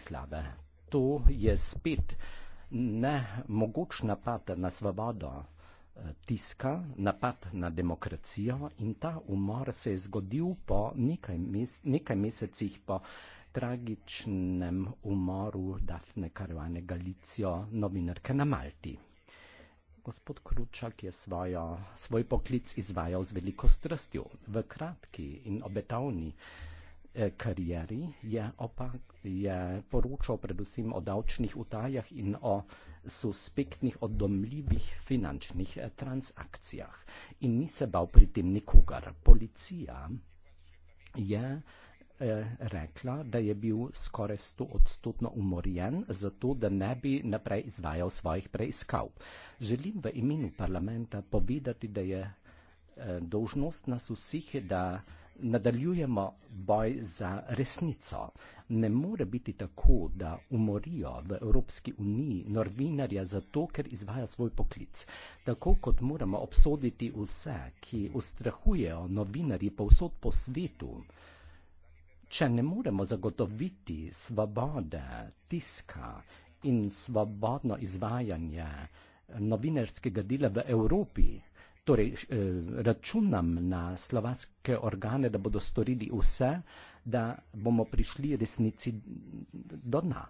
Bratislave. To je spet ne mogoč napad na svobodo eh, tiska, napad na demokracijo in ta umor se je zgodil po nekaj, mes nekaj mesecih po tragičnem umoru Dafne Karvane Galicijo, novinarke na Malti. Gospod Kručak je svojo, svoj poklic izvajal z veliko strastjo. V kratki in obetavni Eh, karieri je, opak, je poročal predvsem o davčnih utajah in o suspektnih, o domljivih finančnih eh, transakcijah. In ni se bal pri tem nikogar. Policija je eh, rekla, da je bil skoraj 100 odstotno umorjen, zato da ne bi naprej izvajal svojih preiskav. Želim v imenu parlamenta povedati, da je dožnost nas vsih, da nadaljujemo boj za resnico. Ne more biti tako, da umorijo v Evropski uniji novinarja zato, ker izvaja svoj poklic. Tako kot moramo obsoditi vse, ki ustrahujejo novinarji povsod po svetu. Če ne moremo zagotoviti svobode tiska in svobodno izvajanje novinarskega dela v Evropi, torej eh, računam na slovatske organe, da bodo storili vse, da bomo prišli resnici do dna.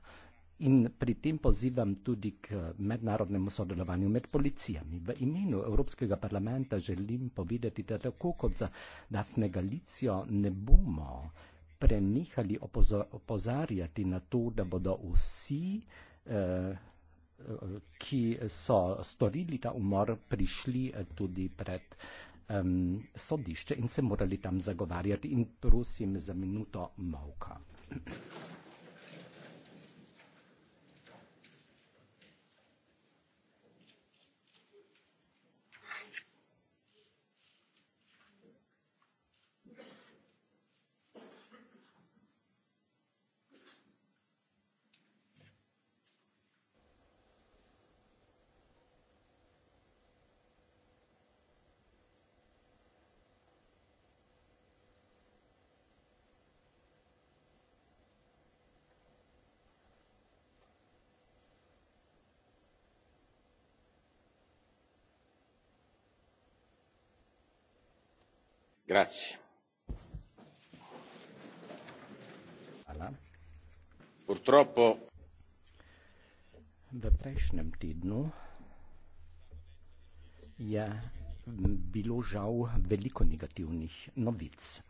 In pri tem pozivam tudi k mednarodnemu sodelovanju med policijami. V imenu Evropskega parlamenta želim povedati, da tako kot za Dafne Galicijo ne bomo prenehali opozarjati na to, da bodo vsi eh, ki so storili ta umor, prišli eh, tudi pred um, sodišče in se morali tam zagovarjati. In prosim za minuto molka. purtroppo v prejšnjem tednu je bilo žal veliko negativnih novic.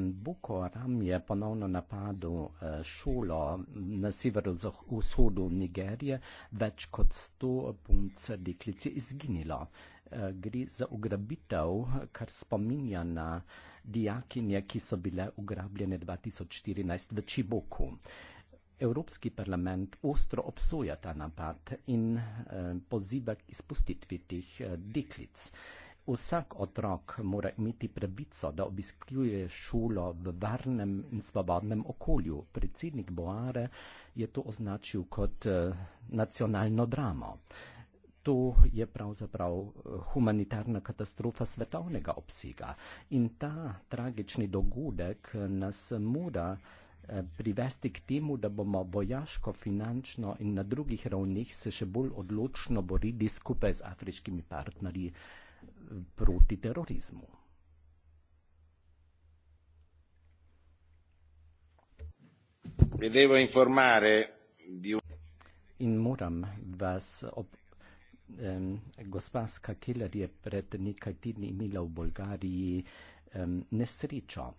Boko Haram je ponovno napadel eh, šolo na severozhodu Nigerije, več kot sto punc deklic je izginilo. Eh, gre za ugrabitev, kar spominja na dijakinje, ki so bile ugrabljene 2014 v Čiboku. Evropski parlament ostro obsoja ta napad in eh, poziva k izpustitvi teh deklic. Vsak otrok mora imeti pravico, da obiskuje šolo v varnem in svobodnem okolju. Predsednik Boare je to označil kot eh, nacionalno dramo. To je pravzaprav eh, humanitarna katastrofa svetovnega obsega in ta tragični dogodek eh, nas mora privesti k temu, da bomo bojaško, finančno in na drugih ravnih se še bolj odločno borili skupaj z afriškimi partnerji proti terorizmu. Devo informare di un... In moram vas ob... Um, gospa Skakiller je pred nekaj tedni imela v Bolgariji um, nesrečo.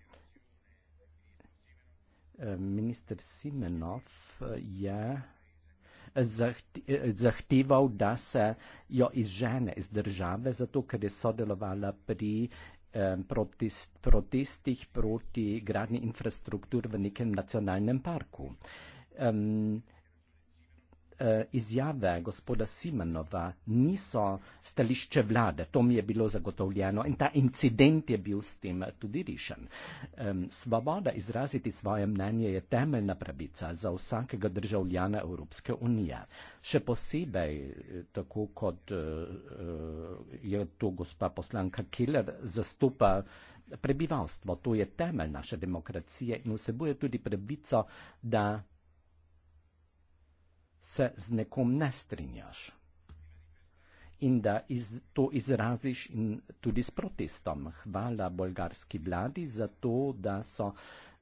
Um, minister Simenov je uh, zahteval, da se jo izžene iz države, zato ker je sodelovala pri um, protest, protestih proti gradni infrastruktur v nekem nacionalnem parku. Um, Eh, izjave gospoda Simonova niso stališče vlade, to mi je bilo zagotovljeno in ta incident je bil s tem tudi rešen. Svoboda izraziti svoje mnenje je temeljna pravica za vsakega državljana Evropske unije. Še posebej, eh, tako kot eh, je to gospa poslanka Keller zastopa prebivalstvo, to je temelj naše demokracije in vsebuje tudi pravico, da se z nekom ne strinjaš. In da iz, to izraziš in tudi s protestom. Hvala bolgarski vladi za to, da so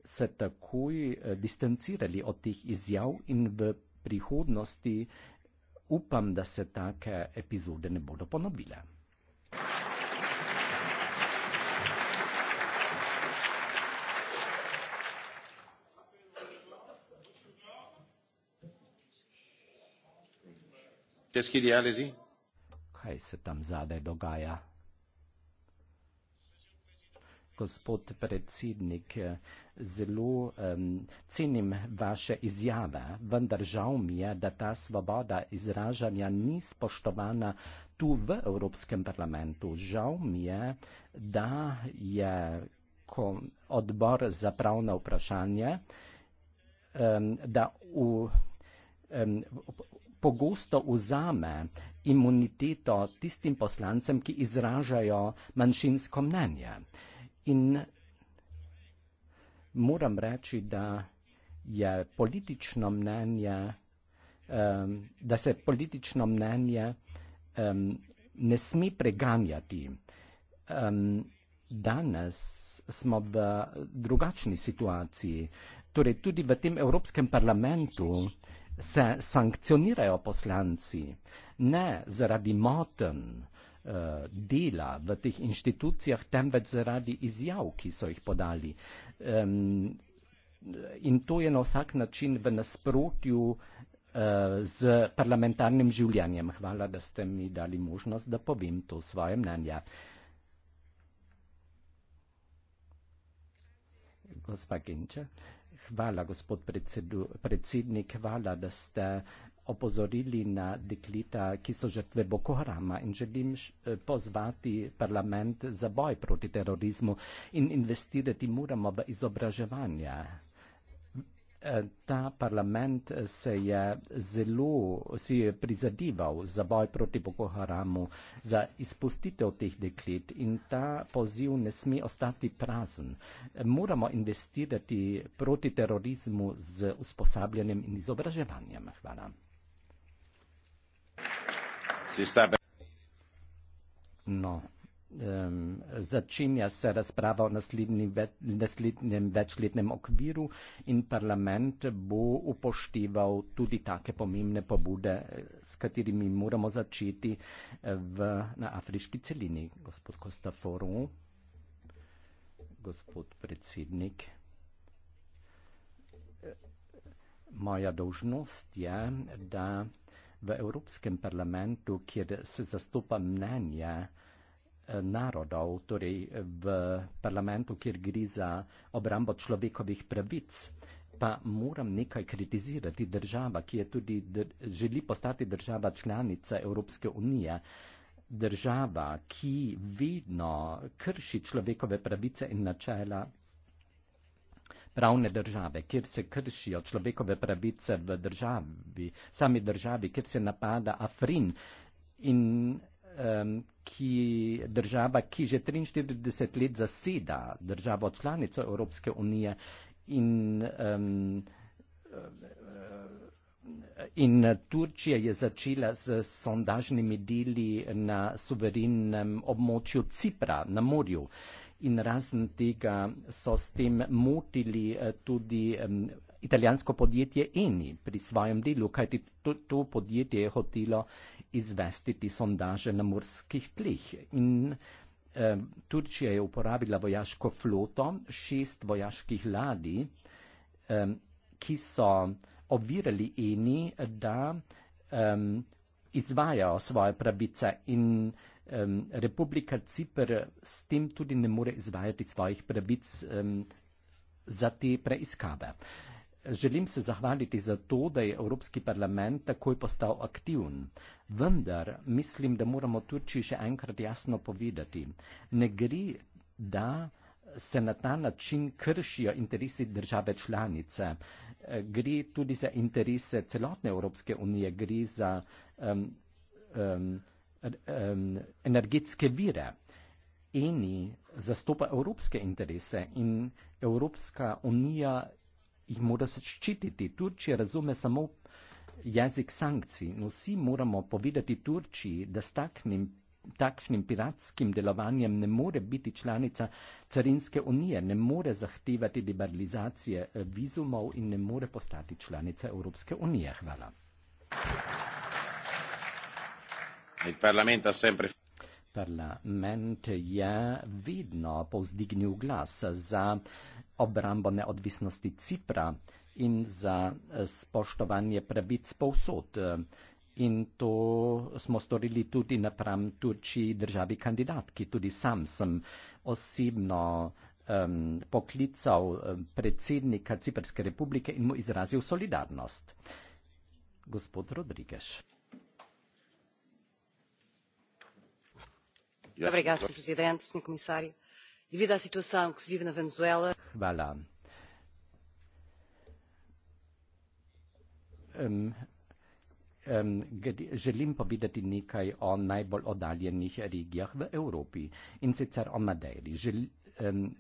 se takoj eh, distancirali od teh izjav in v prihodnosti upam, da se take epizode ne bodo ponovile. Kaj ste dejali zdaj? Kaj se tam zadaj dogaja? Gospod predsednik, zelo um, cenim vaše izjave, vendar žal mi je, da ta svoboda izražanja ni spoštovana tu v Evropskem parlamentu. Žal mi je, da je odbor za pravna vprašanja, um, da v um, pogosto vzame imuniteto tistim poslancem, ki izražajo manjšinsko mnenje. In moram reči, da je politično mnenje, um, da se politično mnenje um, ne sme preganjati. Um, danes smo v drugačni situaciji. Torej, tudi v tem Evropskem parlamentu se sankcionirajo poslanci, ne zaradi moten eh, dela v teh inštitucijah, temveč zaradi izjav, ki so jih podali. Um, in to je na vsak način v nasprotju uh, z parlamentarnim življenjem. Hvala, da ste mi dali možnost, da povem to svoje mnenje. Gospa Genče. Hvala, gospod predsedu, predsednik. Hvala, da ste opozorili na dekleta, ki so žrtve Boko Harama in želim pozvati parlament za boj proti terorizmu in investirati moramo v izobraževanje. Ta parlament se je zelo si je prizadival za boj proti Boko Haramu, za izpustitev teh deklet in ta poziv ne sme ostati prazen. Moramo investirati proti terorizmu z usposabljanjem in izobraževanjem. Hvala. No, um, začinja se razprava o ve, naslednjem večletnem okviru in parlament bo upošteval tudi take pomembne pobude, s katerimi moramo začeti v, na afriški celini. Gospod Kostaforo, gospod predsednik. Moja dožnost je, da v Evropskem parlamentu, kjer se zastopa mnenje, narodov, torej v parlamentu, kjer gre za obrambo človekovih pravic, pa moram nekaj kritizirati država, ki je tudi dr želi postati država članica Evropske unije. Država, ki vedno krši človekove pravice in načela pravne države, kjer se kršijo človekove pravice v državi, sami državi, kjer se napada Afrin in um, ki država, ki že 43 let zaseda državo članico Evropske unije in, um, in Turčija je začela s sondažnimi deli na suverennem območju Cipra na morju. In razen tega so s tem motili eh, tudi um, italijansko podjetje Eni pri svojem delu, kajti to, to podjetje je hotelo izvesti te sondaže na morskih tleh. In eh, Turčija je uporabila vojaško floto, šest vojaških ladi, eh, ki so ovirali eni, da eh, izvajajo svoje pravice in eh, Republika Cipr s tem tudi ne more izvajati svojih pravic eh, za te preiskave. Eh, Želim se zahvaliti za to, da je Evropski parlament takoj postal aktivn. Vendar mislim, da moramo Turčiji še enkrat jasno povedati. Ne gre, da se na ta način kršijo interesi države članice. Eh, gre tudi za interese celotne Evropske unije, gre za um, um, um, energetske vire. Eni zastopa evropske interese in Evropska unija jih mora ščititi. Turčija razume samo jezik sankcij. No, vsi moramo povedati Turčiji, da s taknim, takšnim piratskim delovanjem ne more biti članica carinske unije, ne more zahtevati liberalizacije eh, vizumov in ne more postati članica Evropske unije. Hvala. Il Parlamento ha sempre parlament je vidno povzdignil glas za obrambo neodvisnosti Cipra in za eh, spoštovanje pravic povsod. In to smo storili tudi napram Turčji državi kandidatki. Tudi sam sem osebno um, poklical predsednika Ciperske republike in mu izrazil solidarnost. Gospod Rodrigues. signor presidente signor commissario devido alla situazione che si vive in venezuela. želim povedati nekaj o najbolj oddaljenih regijah v evropi in sicer o madeiri.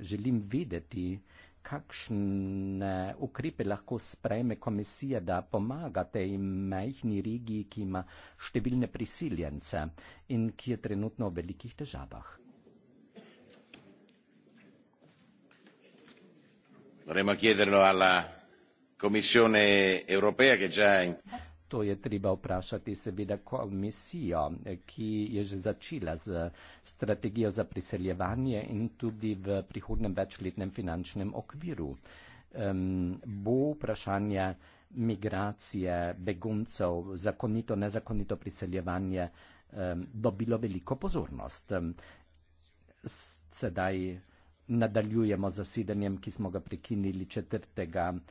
želim vedeti kakšne ukrepe lahko sprejme komisija, da pomaga tej majhni regiji, ki ima številne prisiljence in ki je trenutno v velikih težavah. Dovremmo chiederlo alla Commissione europea che già To je treba vprašati seveda komisijo, ki je že začela z strategijo za priseljevanje in tudi v prihodnem večletnem finančnem okviru. Um, bo vprašanje migracije beguncev, zakonito, nezakonito priseljevanje um, dobilo veliko pozornost. Sedaj nadaljujemo z zasedanjem, ki smo ga prekinili 4.